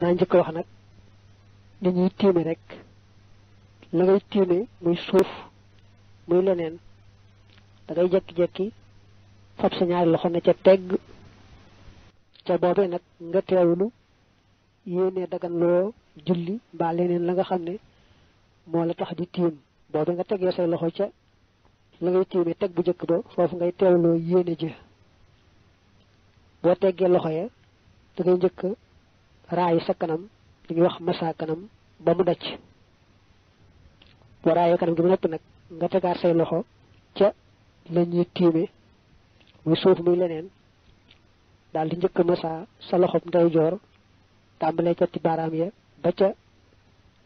naa njëkk wax nag ni ñuy tiime rek la ngay tiime muy suuf muy leneen da ngay jekki fab sa ñaari loxo ne ca tegg ca boobee nag nga teewlu yéene dagan loo julli mbaa leneen la nga xam ne moo la tax di tiim boobee nga tegee say loxo ca la ngay tiime teg bu njëkk ba foofu ngay teewloo yéene jë boo teggee loxo ya da jëkk raay sa kanam li ñuy wax massa kanam ba mu daj boo raayee kanam gi mu noppi nag nga tegaat say loxo ca la ñuy tiime muy suuf muy leneen daal di njëkk massa sa loxob ndeyjoor tàmbalee ca ti baaraam ya ba ca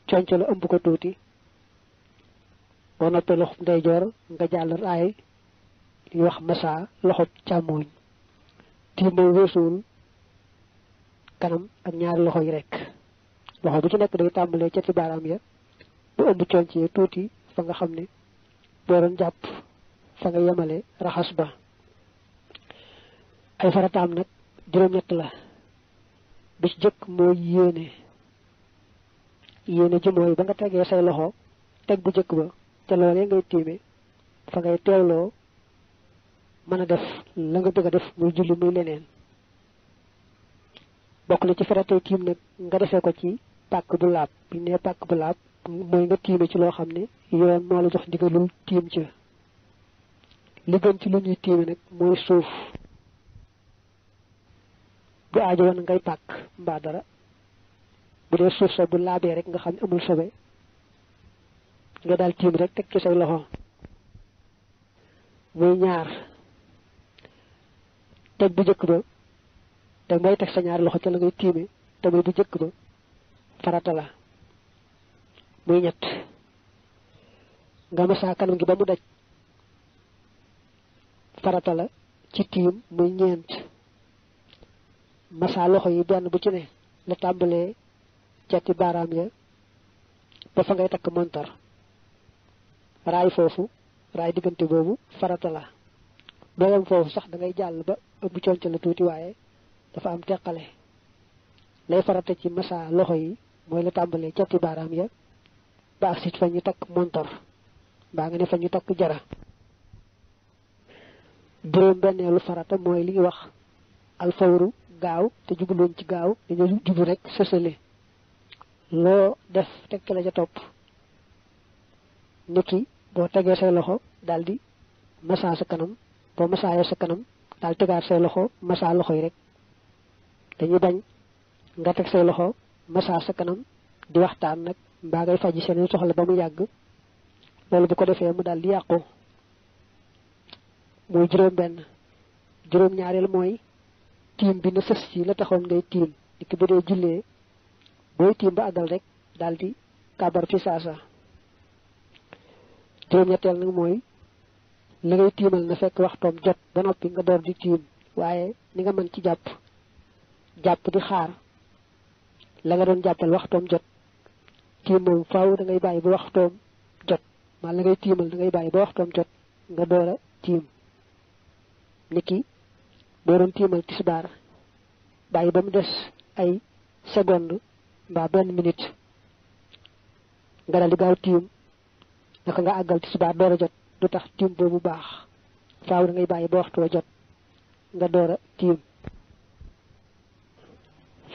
conc la ëmb ko tuuti boo noppee loxob joor nga jàll raay li ñuy wax massa loxob càmmooñ tiim moom kanam ak ñaari loxo yi rek loxo bu ci nekk day tàmbalee ca ci baaraam ya bu ëmb concee tuuti fa nga xam ne boo doon jàpp fa nga yemale raxas ba ay farataam nag juróom-ñett la bi ci jëkk mooy yéene yéene ji mooy ba nga tegee say loxo teg bu jëkk ba te loolee ngay tiime fa ngay teewloo mën a def la nga bëgg a def muy julli muy leneen bokk na ci faratay tiim nag nga defee ko ci pàkk bu laab bi ne pàkk bu laab mooy nga tiime ci loo xam ne yoon moo la jox ndigalul tiim ca li gën ci lu ñuy tiime nag mooy suuf bu aajo woon ngay pàkk mbaa dara bu dee suuf sa bu laabee rek nga xam ne amul sobe nga daal tiim rek teg ci say loxo muy ñaar teg bu jëkk ba te ngay tek sa ñaari loxo ci la ngay timé te muy bu jëk ba farata la muy ñett nga sa kanam gi ba mu daj farata la ci tim muy ma sa loxo yi ben bu ci ne la ci baram ya ba fa ngay tak montar ray fofu ray digënté bobu farata la doyam fofu sax da ngay jall ba bu la tuti waye dafa am teqale lay farata ci massa loxo yi mooy la tàmbalee cati baaraam ya ba ak sit fa ñu takk montor mbaa nga ne fa ñu takk jara juróom benneelu farata mooy li ñu wax alfawru gaaw te jubluwoon ci gaaw dañoo jublu rek sësale loo def tekki la ca topp nit ki boo tegee say loxo daal di massa sa kanam boo massaayoo sa kanam daal tegaat say loxo massa loxo yi rek dañu bañ nga teg say loxo massa sa kanam di waxtaan nag mbaa ngay faji seen soxla ba mu yàgg loolu bu ko defee mu daal di yàqu muy juróom benn juróom ñaareel mooy tiim bi na sës ci la taxoon ngay tiim di ki bu dee jullee booy tiim ba àggal rek daal di kàbbar fi saasa juróom ñetteel nag mooy la ngay tiimal na fekk waxtoom jot ba noppi nga door di tiim waaye ni nga mën ci jàpp jàpp di xaar la nga doon jàppal waxtoom jot tiim moom faaw da ngay bàyyi ba waxtoom jot maa la ngay tiimal da ngay bàyyi ba waxtoom jot nga door a tiim niki boo doon tiimal tisbaar bàyyi ba mu des ay seconde mbaa benn minute nga dal di gaaw tiim nga àggal tisbaar door jot du tax tiim boobu baax faaw da ngay bàyyi ba waxtu wa jot nga door a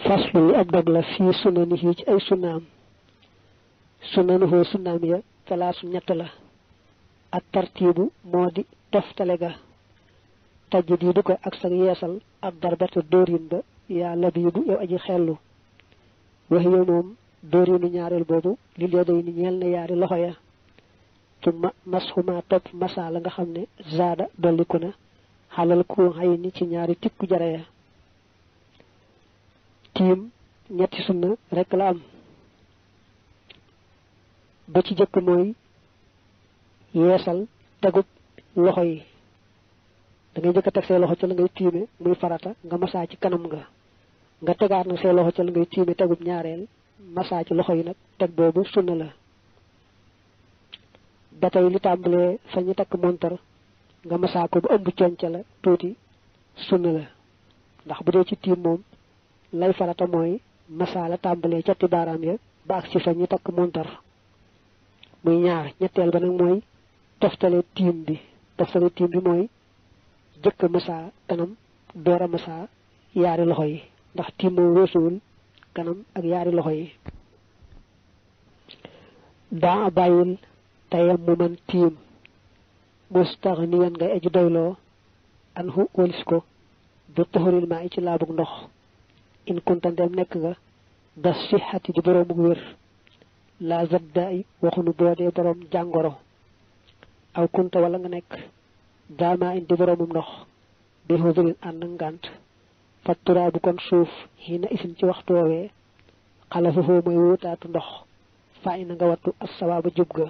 faslun ab dog la fii sunanihi ci ay sunaam sunanuhu sunaam ya talaasu ñett la ak tartiibu moo di toftale ga tajdiidu ko ak sag yeesal ak darbata dóorin ba yaa labiibu yow aji xellu wax yow moom dóorinu ñaareel boobu li lee day ñeel na yaari loxo ya tumma masxuma topp masa nga xam ne zaada dolliku na xalal ku xay ni ci ñaari tikku jara ya tiim ñetti sunna rekk la am ba ci jëkk mooy yeesal tegub loxo yi da ngay jëkk a teg say loxo ca la ngay tiime muy farata nga masaa ci kanam nga nga tegaat nag say loxo ca la ngay tiime tegub ñaareel masaa ci loxo yi nag teg boobu sunna la ba tey li tàmbalee fa ñu montar nga masaa ko bu ëmb conca la tuuti sunna la ndax bu dee ci tiim moom lay farata mooy masaala tàmbalee ca ti baaraam ya ba ak ci fa ñu takk montar muy ñaar ñetteel ba nag mooy toftale tiim bi toftale mooy jëkk masaa kanam door a masaa yaari loxo yi ndax tiim moom weesuwul kanam ak yaari loxo yi daa bàyyil tayam mu man tiim mustaxniyan ngay aji doyloo an hu wëlis ko bi tuxuril maa yi ci laabug ndox in kunta dem nekk nga da sixati di boroomu wér laa zaddaay waxunu boo dee boroom jàngoro aw kunta wala nga nekk daamaa in di boroomum ndox bi xudurin ànd ngànt fatturaa kon suuf xiina isin ci waxtu woowee xalafa foo mooy wóotaatu ndox faa ina nga wattu as sawaaba jub ga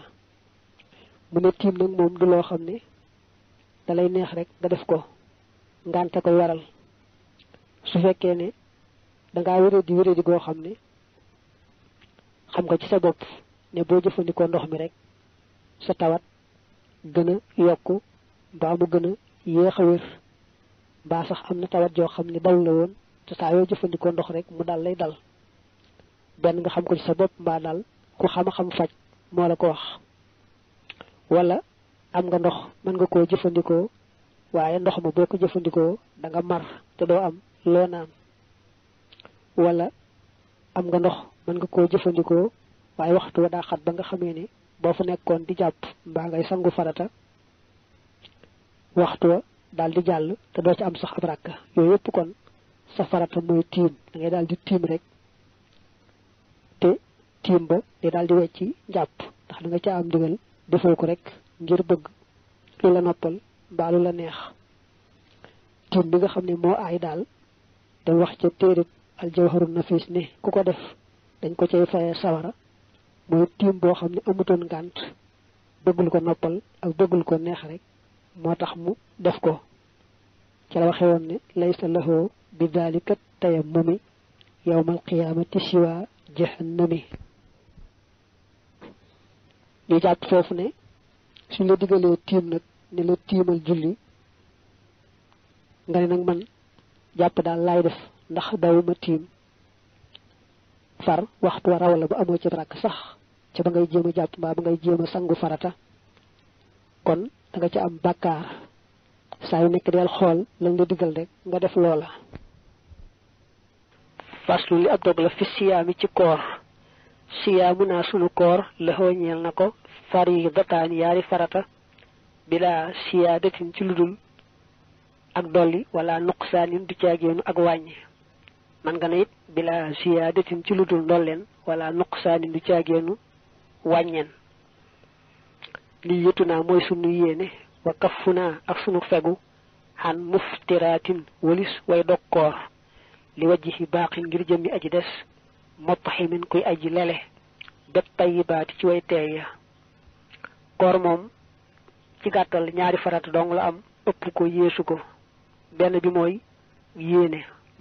mu ne tiim nag moom du loo xam ne dalay neex rek nga def ko ngante koy waral su fekkee ne da nga wéré di wéré di go xam xam nga ci sa bop ne bo jëfëndiko ndox mi rek sa tawat gëna yokku ba mbaa mu gën a yéex sax amna tawat jo xam dal na woon ci sa yo jëfëndiko ndox rek mu dal lay dal ben nga xam ko ci sa bop ba dal ku xam-xam fajj mo la ko wax wala am nga ndox man nga ko jëfëndiko waye ndox ma boko ko da nga mar te do am lo naan wala am nga ndox man nga ko jëfëndiko waye waxtu wa da xat ba nga xamé ni bo fa nekkon di japp ba ngay sangu farata waxtu dal di jall te do ci am sax abrak yoy yep kon sa farata moy tim da ngay dal di tim rek te tim ba day dal di wecci japp tax da nga ci am digal defo ko rek ngir bëgg lu la noppal ba lu la neex tim bi nga xamné mo ay dal da wax ci aljawharu nafis ne ku ko def dañ ko cay fayee sawara mooy tiim boo xam ne amutoon ngànt bëggul ko noppal ak bëggul ko neex rek moo tax mu def ko ci la waxe woon ne laysa lahu bi dalika tayammumi yawmal qiyaamati siwa jahannami ñu jàpp foofu ne suñ la diggalee tiim nag ne la tiimal julli nga ne nag man jàpp daal laay def ndax dawuma tim far waxtu wara wala bu amo ci rakk sax ci ba ngay jema japp ba ba ngay jema sangu farata kon da nga ci am bàkkaar say nek del xol lañ la diggal rek nga def lola faslu li ab dog la fi siyam ci koor sunu koor batan yaari farata bila siyadatin ci ludul ak doli wala nuqsaanin du caageenu ak wañi man nga ne it bila siyaadatin ci lu dul ndolleen wala nuqsaani du caageenu wàññeen lii yëtu naa mooy sunu yéene wa kaffu naa ak sunu fegu xan muftiraatin walis way dokkoor li wajji baaxin ngir jëmmi aji des mopp ximin kuy aji lele bet tayyi baati ci way teey ya koor moom ci gàttal ñaari farata dong la am ëpp ko yéesu ko benn bi mooy yéene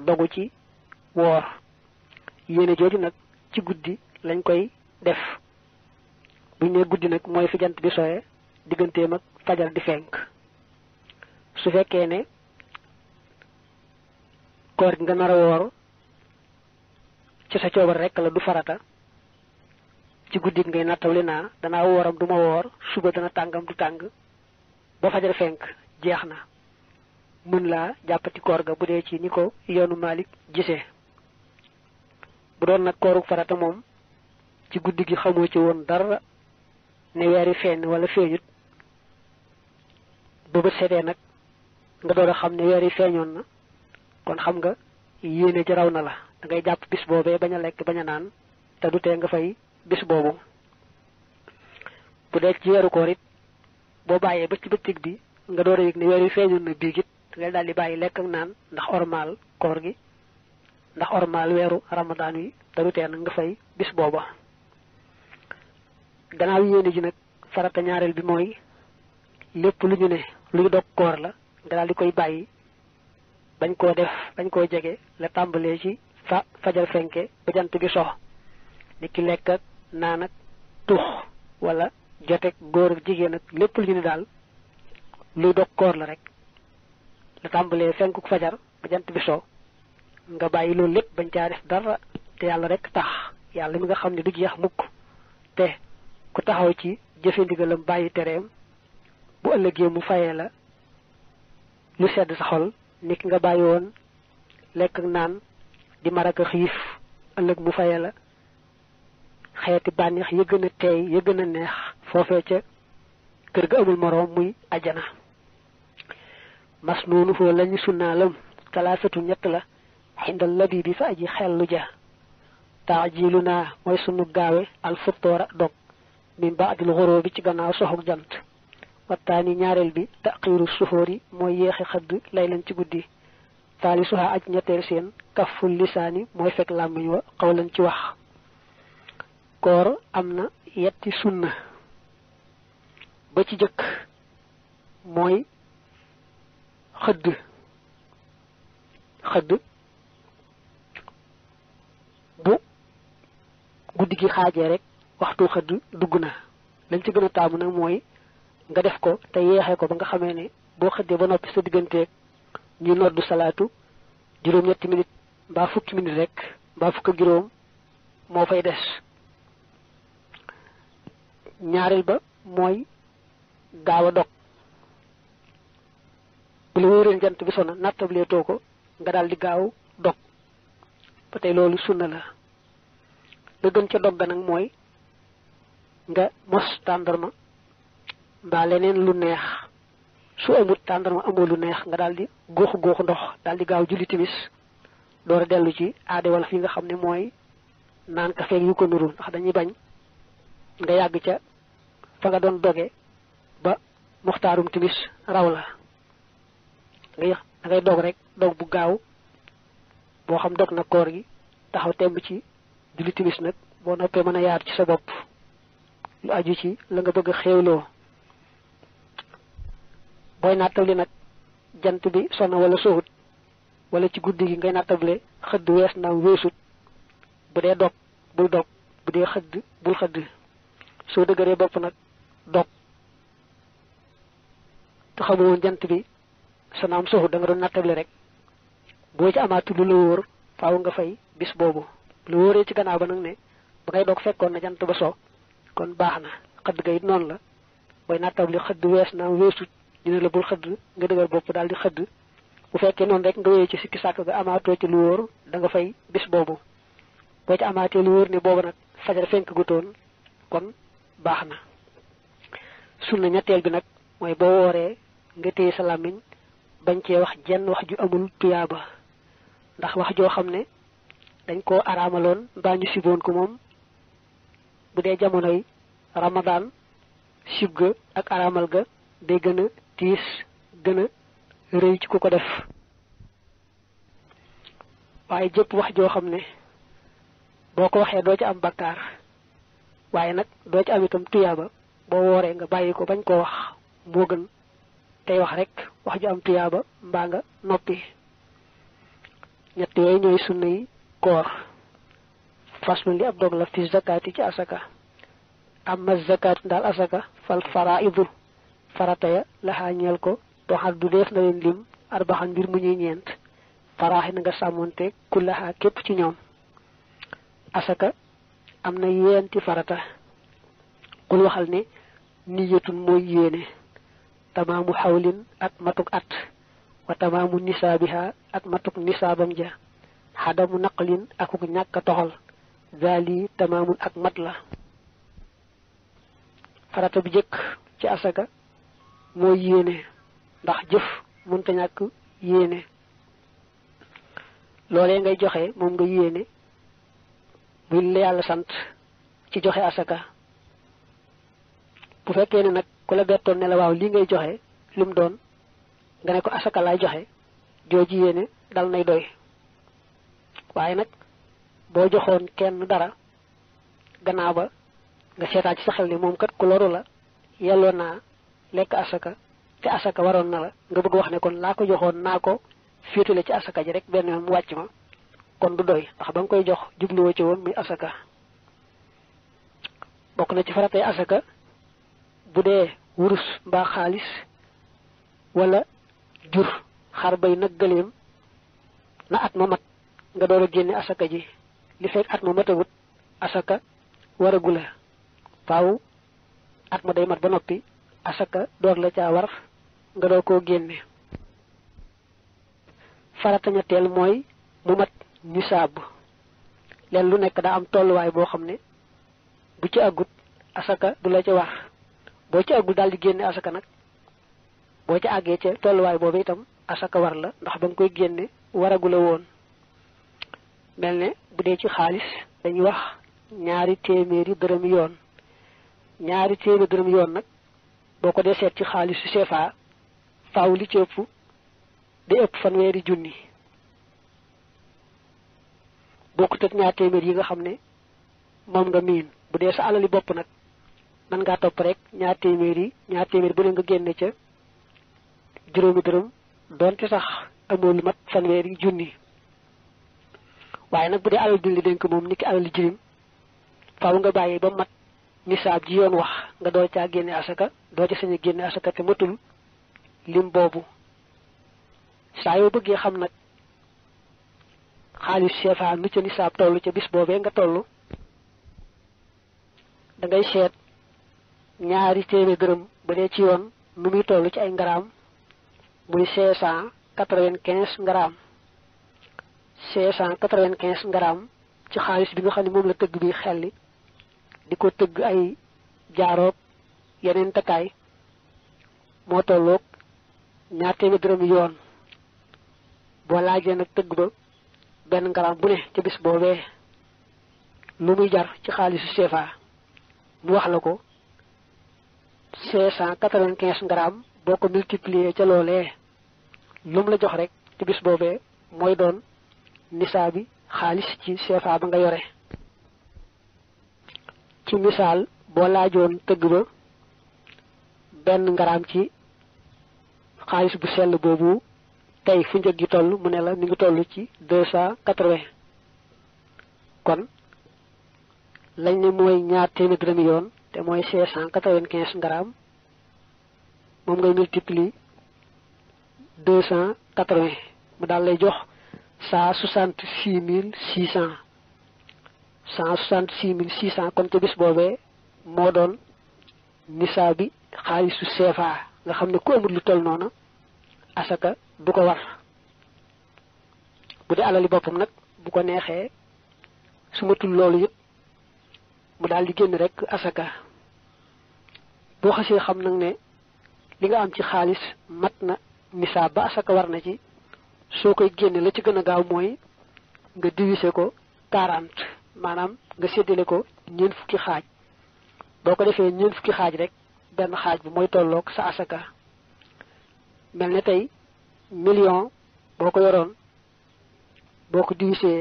dogu ci woor yéene jooju nak ci guddi lañ koy def bu ñu guddi nag mooy fi jant bi soye digganteem ak fajar di fenk su fekkee ne koor gi nga nar a woor ci sa coobar rek la du farata ci guddi ngay nattawli naa danaa wooram duma woor suba dana tàngam du tàng ba fajar fenk jeex na mën laa jàppati koor ga bu dee ci ni ko yoonu malik gisee bu doon nag kooruk farata mom ci guddi gi xamoo ci won dara ne weeri fenn wala feeñut ba bët setee nag nga door xam ne weeri feñon na kon xam nga yéene ji raw na la da ngay japp bis bobé baña lek baña bañ a naan du nga fay bis bobu bu dé ci weeru koor it bo bayé ba ci bëccëg bi nga door a ne weer feñon na bi gi ngay dal di bàyyi lek ak naan ndax ormal koor gi ndax ormal weeru ramadaan wi daru ten nga fay bis boba gannaaw yéene ji nak farata ñaarel bi moy lepp lu ñu ne luy dog koor la nga daal dikoy bayyi bañ ko def bañ ko la tambalé ci fa fajal fenké bu jant bi sox ni ki ak naan ak tux wala jotté goor ak jigéen ak lepp lu ñu dal lu luy koor la rek la tambalé fenku fajar bu jant bi sox nga bayyi lool lepp bañ ca def dara te yalla rek tax yalla mi nga xamni du jeex mukk te ku taxaw ci jëfe ndigalam bayyi terem bu ëllëgé mu fayé la lu sédd sa xol ki nga won lek ak naan di maraka xiif ëllëg mu fayé la xéeti banex yëgëna ya gën yëgëna ya neex fofé ca kër ga amul morom muy ajana mas nulu lañu lañu sunnaalam talaasatu ñett la xindal labibi fa aji xellu ja taajilu naa mooy sunu gaawe al futtoora dog min baadil xoroo bi ci gannaaw soxog jant wattaani ñaareel bi taqiiru suxóor yi mooy yéexi xëdd lay leen ci guddi taalisuha aj ñetteel seen kafful lisaani mooy fekk làmmiñ wa xawlan ci wax koor am na yetti sunna ci jëkk mooy xëdd xëdd bu guddi gi xaajee rek waxtu xëdd dugg na lañ ci gën a taamu nag mooy nga def ko te yeexee ko ba nga xamee ne boo xëddee ba noppi sa digganteeg ñu noddu salaatu juróom-ñetti minute mbaa fukki minute rek mbaa fukk juróom moo fay des ñaareel ba mooy gaaw a dog bu la wóoree jant bi sona nattableetoo ko nga daal di gaaw batay lolu sunna la la gën ci dogga nak moy nga mos tandarma ba leneen lu neex su amut tandarma amoo lu neex nga daldi gox gox ndox daldi di gaaw julli timis door delu ci aade wala fi nga xamne moy nan ka feeg yu ko nuru ndax dañuy bañ nga yag ca fa nga don doge ba muxtarum timis raw la ngay da ngay dog rek dog bu gaaw boo xam dog na koor gi taxaw temb ci julli timis nag boo noppee mën a yaar ci sa bopp lu aju ci la nga bëgg a xéewloo booy nattable nag jant bi sona walla soowut wala ci guddi gi ngay nattable xëdd wees naam weesut bu dee dog bul dog bu dee xëdd bul xëdd soo dëgëree bopp nag dog te xamu woon jant bi sonaam soowut da nga doon nattable rek bo ci amatu lu wor faaw nga fay bis bobu lu woré ci gannaaw ba nak né ba ngay dok fekkon na jant ba so kon baxna xad gay non la boy natab li xad wess na wessu dina la bul xad nga deugal bop dal di xad bu fekke non rek nga wéy ci sikki sak ga amato ci lu wor da nga fay bis bobu bo ci amaté lu wor ni bobu nak fajar fenk guton kon baxna sunna ñettel bi nak moy bo woré nga téy sa bañ ci wax jenn wax ju amul tiyaba ndax wax joo xam ne dañ koo araamaloon mbaa ñu siboon ko moom bu dee yi ramadan sib ga ak aramal ga day gën a tiis gën a rëy ci ku ko def waaye jëpp wax joo xam ne boo ko waxee doo ci am bakkaar waaye nag doo ci am itam tuyaaba boo wooree nga bàyyi ko bañ ko wax moo gën tey wax rek wax ju am tuyaaba mbaa nga noppi ñett yooyu ñooy sunna yi koor faslun li ab dog la zakaati ci asaka amma zakaatu daal asaka fal faraidu farata ya laxaa ñeel ko doxal du def na leen lim arbaxan mbir mu ñuy ñeent faraaxi nga sàmmoonte ku laxaa képp ci ñoom asaka am na yeenti farata kul waxal ne niyatun mooy yéene tamaamu xawlin ak matuk at wa tamamu nisabiha ak matuk nisabam ja hadamu naqlin akuk ñaka toxal zali tamamun ak mat la farata bi jëk ci asaka moy yene ndax jëf mën ta ñak yene lolé ngay joxé mom nga yene bu yalla sant ci joxe asaka bu fekkee ne nag ku la bettoon ne la li ngay lim doon nga ne ko asaka laay joxe jooju yéene dal nay doy waaye nag boo joxoon kenn dara gannaaw ba nga seetaat ci sa xel ne moom kat ku loru la yelloo naa lekk asaka te asaka waroon na la nga bëgg wax ne kon laa ko joxoon naa ko féetale ci asaka ji rek benn yoon mu wàcc ma kon du doy ndax ba nga koy jox jubluwoo ci woon muy asaka bokk na ci faratay asaka bu dee wurus mbaa xaalis wala jur xar bay nag na at momat nga doora génne asaka ji li fekk at asaka waragula faaw at ma day mat ba noppi asaka door la ca war nga do ko génne farata ñetteel tel moy momat ñu saabu len lu nek da am tollu way bo xamne bu ci agut asaka du la ca wax bo ci agul dal di génne asaka nak boo ca àggee ca tolluwaay boobu itam asaka war la ndax ba nga koy génne waragula woon mel ne bu dee ci xaalis dañuy wax ñaari téeméeri dërëm yoon ñaari téeméeri dërëm yoon nag boo ko dee seet ci xaalis su CFA faaw li ci ëpp day ëpp fanweeri junni bokkut ak ñaar téeméer yi nga xam ne moom nga miin bu dee sa alali bopp nag man ngaa topp rek ñaar téeméer yi ñaar téeméer bu ne nga génne ca juróomi dërëm donte sax amoo lu mat fanweeri junni waaye nag bu dee alal dindi dénk moom niki alal jirim faaw nga bàyyi ba mat nisaab ji yoon wax nga caa génne asaka doo ca sañu génne asaka te matul lim boobu saa yoo bëggee xam nag xaalis seefaa nu ca nisaab tollu ca bis boobee nga tollu da ngay seet ñaari téeméer dërëm ba dee ci yoon nu muy ci ay ngaraam muy 695 gram, 695 gram ci xaalis bi nga xamni mom la tëgg bi xelli di ko ay jaaroog yenen takay mo tolok ñaar téeméer dërëm yoon bo laaje nak tëgg ba ben gram bu ne ci bis boobee lu muy jar ci xaalisu sefa bu wax la ko 695 gram boko multiplier ca lolé num la jox rek ci bis bobé moy doon nisabi khalis ci CFA ba nga yoré ci misal bo joon teug ba ben ngaram ci khalis bu sel bobu tay fu njëg gi toll mu ne la ni nga toll ci 280 kon lañ ne moy ñaar téeméer gram yoon té moy 595 moom ngay multiplier deux cent quatre-vingts mu daal lay jox cent soixante-six mille six cent cent soixante-six mille six cent kon ca bis boobee moo doon nisaa bi xaalisu CFA nga xam ne ku amul lu toll noonu asaka du ko war bu dee alali boppam nag bu ko neexee su matul loolu yëpp mu daal di génn rek asaka boo xasee xam nag ne li nga am ci xaalis mat na nisaa ba asaka war na ci soo koy génne la ci gën a gaaw mooy nga diviser ko 40 maanaam nga séddale ko ñeen fukki xaaj boo ko defee ñeen fukki xaaj rek benn xaaj bi mooy tolloog sa asaka mel ne tey million boo ko yoroon boo ko divisé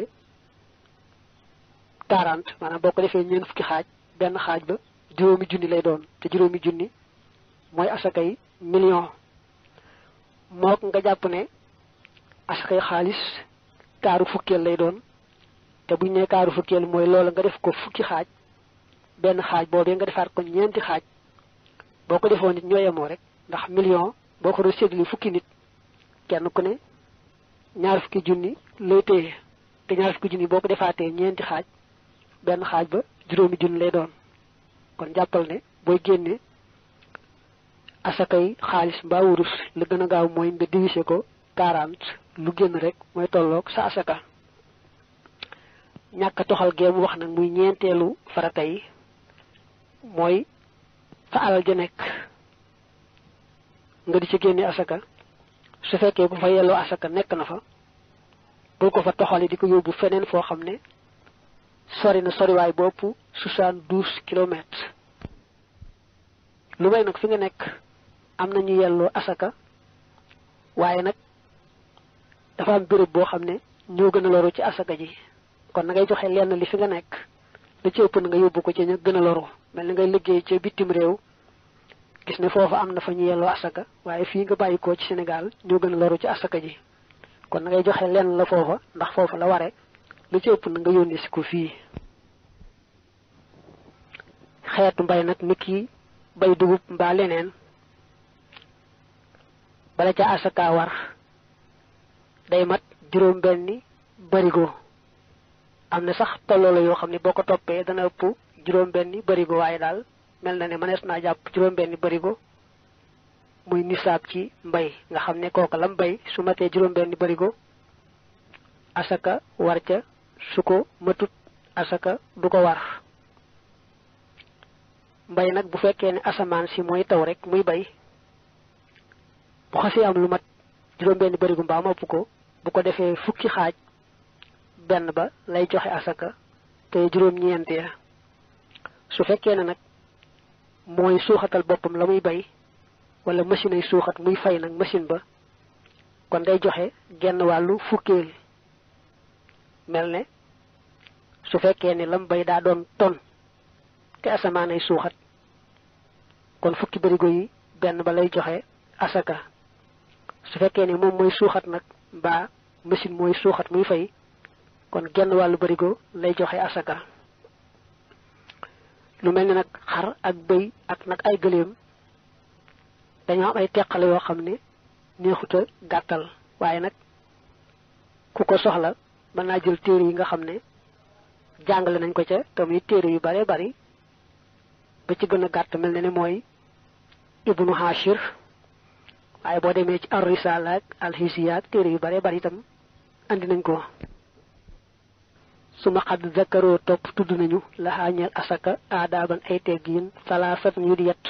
40 maanaam boo ko defee ñeen fukki xaaj benn xaaj ba juróomi junni lay doon te juróomi junni mooy asakay million mook nga jàpp ne asakay xaalis kaaru fukkeel lay doon te buñ ne kaaru fukkeel mooy loola nga def ko fukki xaaj benn xaaj boobee nga defaat ko ñeenti xaaj boo ko defoon nit ñoo yemoo rek ndax million boo ko doon séddale fukki nit kenn ku ne ñaar fukki junni lay téye te ñaar fukki junni boo ko defaatee ñeenti xaaj benn xaaj ba juróomi junni lay doon kon jàppal ne booy génne asakay xaalis mbaa wurus la gën a gaaw mooy nga divisé ko 40 lu génn rek mooy tolloog sa asaka ñàkk toxal geemu wax nag muy ñeenteelu farata yi mooy fa alal ja nekk nga di ci génne asaka su fekkee bu fa yelloo asaka nekk na fa bul ko fa toxali di ko yóbbu feneen foo xam ne sori na soriwaay bopp 72 kilomètres lu may nag fi nga nekk am na ñu yelloo asaka waaye nag dafa am béréb boo xam ne ñoo gën a loru ci asaka ji kon na ngay joxe lenn li fi nga nekk la ci ëpp na nga yóbbu ko ci ñu mel ni ngay liggéey ci bitim réew gis ne foofa am na fa ñu yelloo asaka waaye fii nga bàyyi ko ci Sénégal ñoo gën a loru ci asaka ji kon na ngay joxe lenn la foofa ndax foofa la ware la ci ëpp na nga yónnee si ko fii xeetu mbay nag nit ki bay dugub mbaa leneen bala ca asaka war day mat juroom benni barigo am na sax tolloola yoo xam ne boo ko toppee dana ëpp juróom benni barigo waaye daal mel na ne mënees naa jàpp juróom benni barigo muy nisaab ci mbay nga xam ne lam bay su matee juróom benni barigo asaka war ca su matut asaka du ko war mbay nag bu fekkee ne asamaan si mooy taw rek muy bay bu xasee am lu mat juróom benn bërigu mbaa mopp ko bu ko defee fukki xaaj benn ba lay joxe asaka te juróom ñeent ya su fekkee ne nag mooy suuxatal boppam la muy bay wala machine ay suuxat muy fay nag machine ba kon day joxe genn wàllu fukkeel mel ne su fekkee ne lam bay daa doon ton te asamaan ay suuxat kon fukki bërigo yi benn ba lay joxe asaka su fekkee ne moom mooy suuxat nag mbaa machine mooy suuxat muy fay kon genn wàllu barigo lay joxe asaka lu mel ni nag xar ak bëy ak nag ay gëléem dañoo am ay teqale yoo xam ne neexuta gàttal waaye nag ku ko soxla mën naa jël téere yi nga xam ne jàngale nañ ko ca te muy téere yu bare bari ba ci gën a gàtt mel ne ne mooy ibnu hashir waaye boo demee ci ar-risaala ak al-hisiya ak téere yu bare bari itam andi nañ ko su ma xadd zakaroo topp tudd nañu la xaañeel asaka aadaaban ay teggiin salaasat yu di yett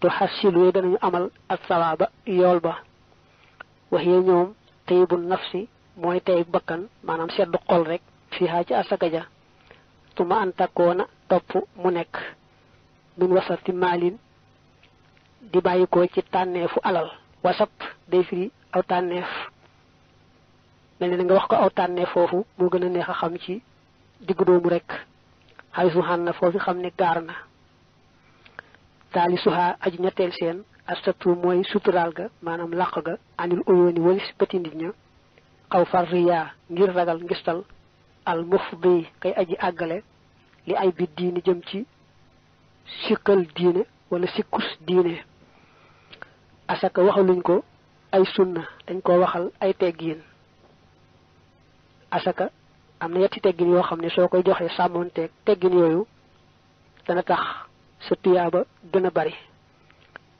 to xas silwee danañu amal ak sawaaba yool ba waxee ñoom tayibu nafsi mooy tey bakkan maanaam sedd xol rek fii xaa ci asaka ja su ma antakoona topp mu nekk min wasati maalin di bàyyi ko ci tànneefu alal wasap day firi aw tànneef mel ne nga wax ko aw tànneef foofu moo gën a neex a xam ci diggu doomu rek xay suxaan na foofu xam ne gaar na taali suxaa aj ñetteel seen astatu mooy suturaal ga maanaam làq ga anil oyooni walis bëti nit ña xaw far riyaa ngir ragal ngistal al mufdi kay aji àggale li ay bi diini jëm ci sikkal diine wala sikkus diine asaka waxaluñ ko ay sunna dañ koo waxal ay teggiin asaka am na yetti teggin yoo xam ne soo koy joxee sàmmoonteeg teggin yooyu dana tax sa tuyaaba gën a bari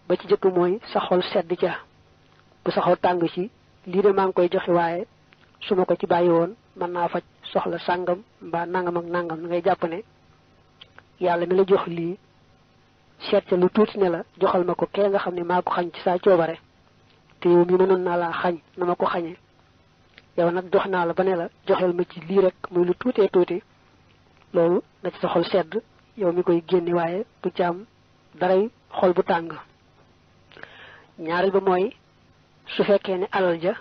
ba ci jëkk mooy sa xol sedd ca bu sa xol tàng ci lii de maa ngi koy joxe waaye su ma ko ci bàyyi woon mën naa faj soxla sàngam mbaa nangam ak nangam ngay jàpp ne yàlla mi la jox lii seet lu tuuti ne la joxal ma ko kee nga xam ne maa ko xañ ci saa coobare te yow mi mënoon naa laa xañ na ma ko xañee yow nag jox naa la ba ne la joxel ma ci lii rek muy lu tuutee tuuti loolu na ci sa xol sedd yow mi koy génne waaye du ci am daray xol bu tàng ñaareel ba mooy su fekkee ne alal ja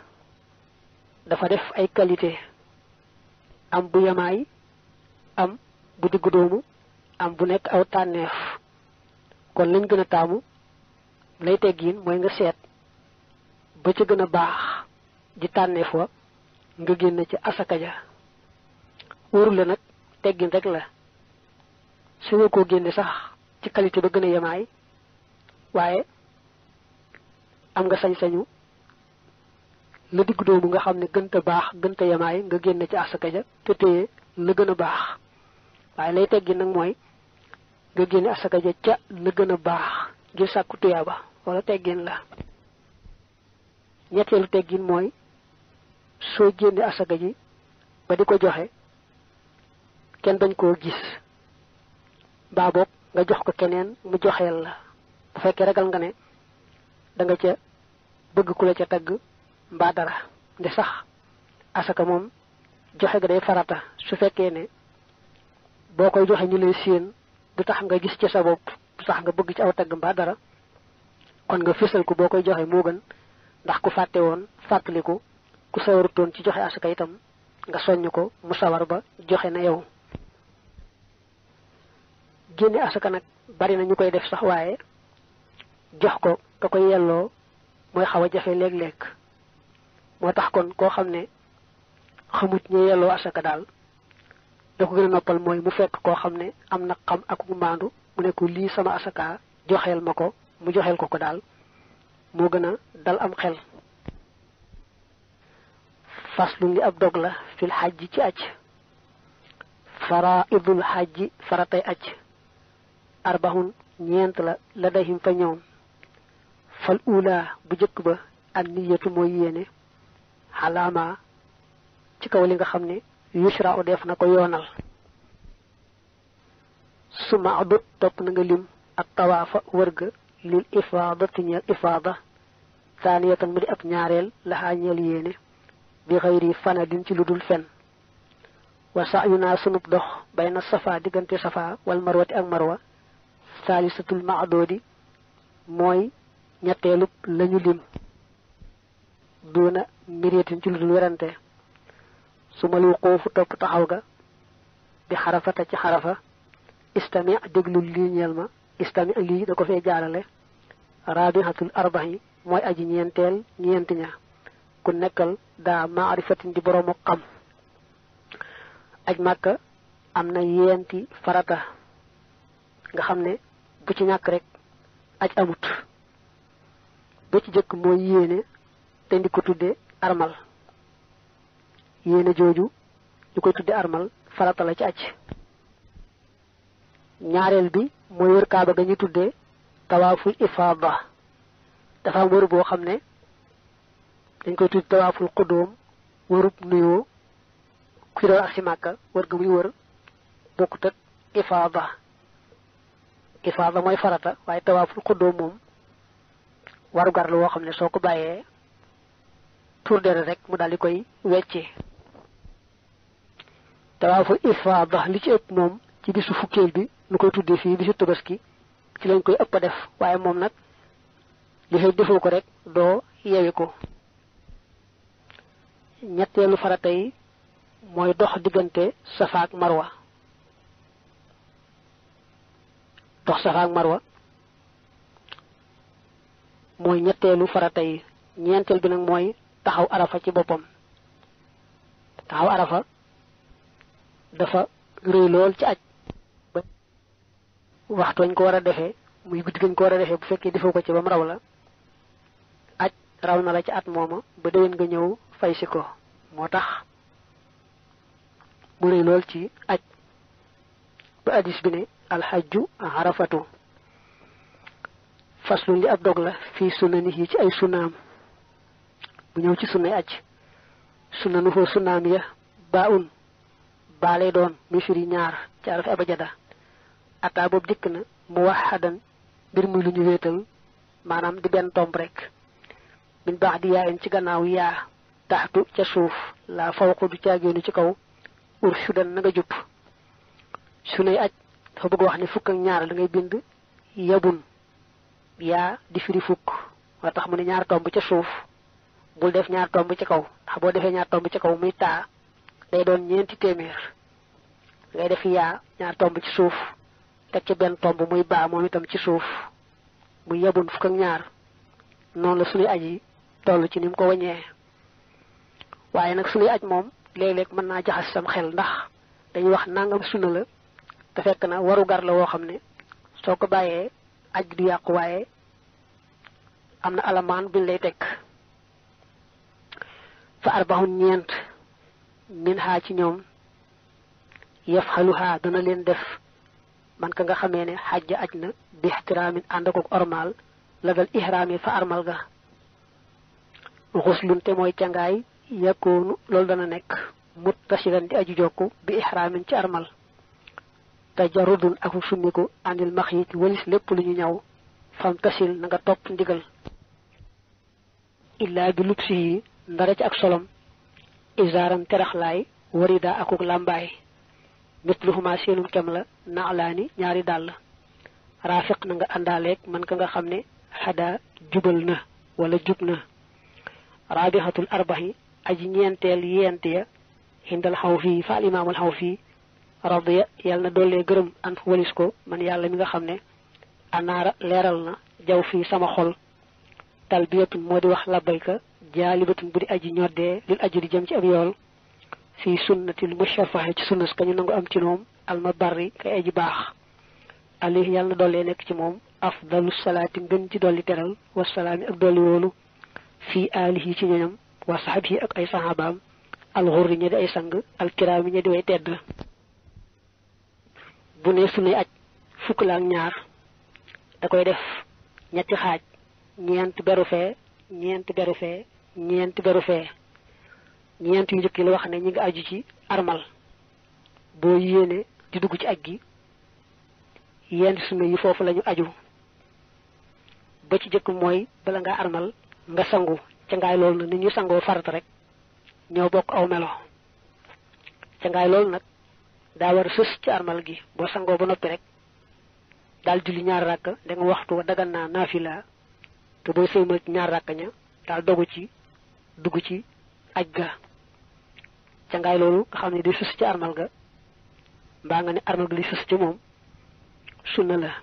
dafa def ay qualité am bu yamaay am bu diggu doomu am bu nekk aw tànneef kon lañ gën a taamu lay teggiin mooy nga seet ba ca gën a baax di tànnee wa nga génn ci asaka ja wóorul la nag teggin rek la su nga koo génne sax ci qualité ba gën a yemaay waaye am nga sañ-sañu la diggu doomu nga xam ne gënta baax gën gënta yemaay nga génn ci asaka ja te téye la gën a baax waaye lay teggin nag mooy nga génne asaka ja ca la gën a baax ngir sàkku tuyaaba wala teggin la ñetteelu teggin mooy soo génne asaka ji ba di ko joxe kenn bañ koo gis baa boog nga jox ko keneen mu joxeel la bu fekkee ragal nga ne danga ca bëgg ku la ca tagg mbaa dara nde sax asaka moom joxe ga day farata su fekkee ne boo koy joxe ñu lay séen du tax nga gis ci sa bop du tax nga bëgg ci aw tagg mbaa dara kon nga fessel ko bokoy joxe mo gën ndax ku fàtte woon fàttaliku ku ton ci joxe asaka itam nga soññ ko mu sawar ba joxe na yow gene asaka nak bari na ñukoy def sax waye jox ko ka koy yello moy xawa jafé motax kon ko xamné xamut ñu yello asaka dal da ko gëna noppal mooy mu fekk koo xam ne am na xam ak mu maandu mu ne ko lii sama asaka joxeel ma ko mu joxeel ko ko daal moo gën dal am xel faslu ngi ab dog fil xajji ci acc idul xajji faratay acc arbahun ñeent la la dayhim fa ñoom fal ula bu jëkk ba an niyatu mooy yéene xalaama ci kaw li nga xam يشرع ديف نكو يونال ثم عبد توب نغا ليم الطواف ورغ للإفاضة نيال إفاضة ثانية مري أب نيارل لها نيال ييني بغير فنا دين تي لودول فن وسعينا سنب دوخ بين الصفا ديغنتي صفا والمروة أك مروة ثالثة المعدود موي نيتيلو لا نيو ليم دون مريتين تي لودول ورانتي su ma lu xoofu topp taxaw ga bi xarafata ci xarafa istami déglul lii ñeel ma istami lii da ko fee jaarale rabihatul arbax yi mooy aji ñeenteel ñeenti ña ku nekkal daa maarifatin di boroomu xam aj màkka am na yeenti farata nga xam ne bu ci ñàkk rek aj amut ba ci jëkk mooy yéene te ndi ko tudde armal yéene jooju ñu koy tuddi armal farata la ci aj ñaareel bi mooy wër kaaba ga ñu tuddee tawaaful ifaada dafa am wër boo xam ne dañ koy tuddi tawaaful qudum wërub nuyoo kuy doon ak si màkka wër ga muy wër bokkut ak ifaada mooy farata waaye tawaaful qudum moom warugar la woo xam ne soo ko bàyyee tour dere rek mu daal di koy wecci tawaafu ifada li ci ep mom ci bisu fukel bi nu koy tuddee fi bisu tobaski ci lañ koy ëpp def waye mom nak li fay defo ko rek do yewi ko ñettelu farata yi moy dox safa ak marwa dox ak marwa moy ñettelu farata yi ñentel bi nak moy taxaw arafa ci bopam taxaw arafa dafa reuy lol ci aj waxtu ko wara defé muy guddi gën ko wara defé bu fekké defo ko ci bam raw la aj raw na la ci at moma ba deewen nga ñew fay ci ko motax mu reuy lol ci aj ba hadis bi ne al hajju arafatu faslu li ab dog la fi sunanihi ci ay sunam bu ñew ci sunay aj sunanu ho sunam ya baun balé don, doon misri firi ñaar ci araf abajada ata bob dik na mu bir mbir muy luñu wétal manam di ben tomb rek min ba'di di en ci gannaaw ya tahtu ci suuf la fawqu du agenu ci kaw ur sudan na nga jup sunay lay aj dafa bëgg wax ni fukk ak ñaar da ngay bind yabun ya di firi fukk wa tax mu ni ñaar tomb ci suuf bul def ñaar tomb ci kaw ndax boo ñaar tomb ci kaw muy ta' day doon ñeenti téeméer ngay def yaa ñaar tomb ci suuf teg ci benn tomb muy baa moom itam ci suuf muy yabun fukk ak ñaar noonu la suñuy aji toll ci nim ko wañee waaye nag suñuy aj moom léeg-léeg mën naa jaxas sam xel ndax dañuy wax nangam sunna la te fekk na waru gar la woo xam ne soo ko bàyyee aj du yàqu waaye am na alamaan buñ lay fa arbahun ñeent min ci ñoom yaf xaluhaa dana leen def man ka nga xamee ne xajja aj na bi ixtiraamin ànd ak ormaal la dal ihraam fa armal ga xuslun te mooy cangaay yàkkoonu loolu dana nekk muttasilan di aju jokk bi ihraamin ci armal te jarudun ak summiku àndil max yi walis lépp lu ñu ñaw fam tasil na topp ndigal illaa bi lubsi yi ndara ci ak solom isaaran teraxlaay warida akuk lambaay misluhuma seenum kem la naalaani ñaari dàll raafiq na nga àndaaleeg man ka nga xam ne xada jubal na wala jub na raabixatul arbaxi aji ñeenteel yeent ya hindal xaw fii fa al imaamul xaw fii radiya yàlla na doollee gërëm an walis ko man yàlla mi nga xam ne anaara leeral na jaw fii sama xol talbiyatun moo di wax labbayka jaalibatun bu di aji ñoddee lil ajri jëm ci ab yool fii sunnati lu musharrafa ci sunnas ka ñu nangu am ci moom alma barri kay aji baax alayhi yàlla na nekk ci moom afdalu salaati ngën ci dolli teral wasalaami ak dolli wóolu fii aalihi ci ñoñam wa saxaab yi ak ay saxaabaam alxurri ña di ay sang alkiraami ña di way tedd bu ne sunuy aj fukk la ak ñaar da koy def ñetti xaaj ñeent beru fee ñeent beru fee ñeenti beru fe ñeent yu jëk la wax ne ñi nga aju ci armal bo yene di dugg ci aggi yeen yenn yi fofu lañu aju ba ci jëk moy bala nga armal nga sangu ca ngaay lool na ñu sango farat rek ñoo bok aw melo ca ngaay lool nak da war sus ci armal gi bo sango bu nopi rek dal julli ñaar rak da nga waxtu dagan te ñaar rak nya dal dogu ci dugg ci aj ga cangaay loolu nga xam ne di sus ci armal ga mbaa nga ne armal ga li sus ci moom sunna la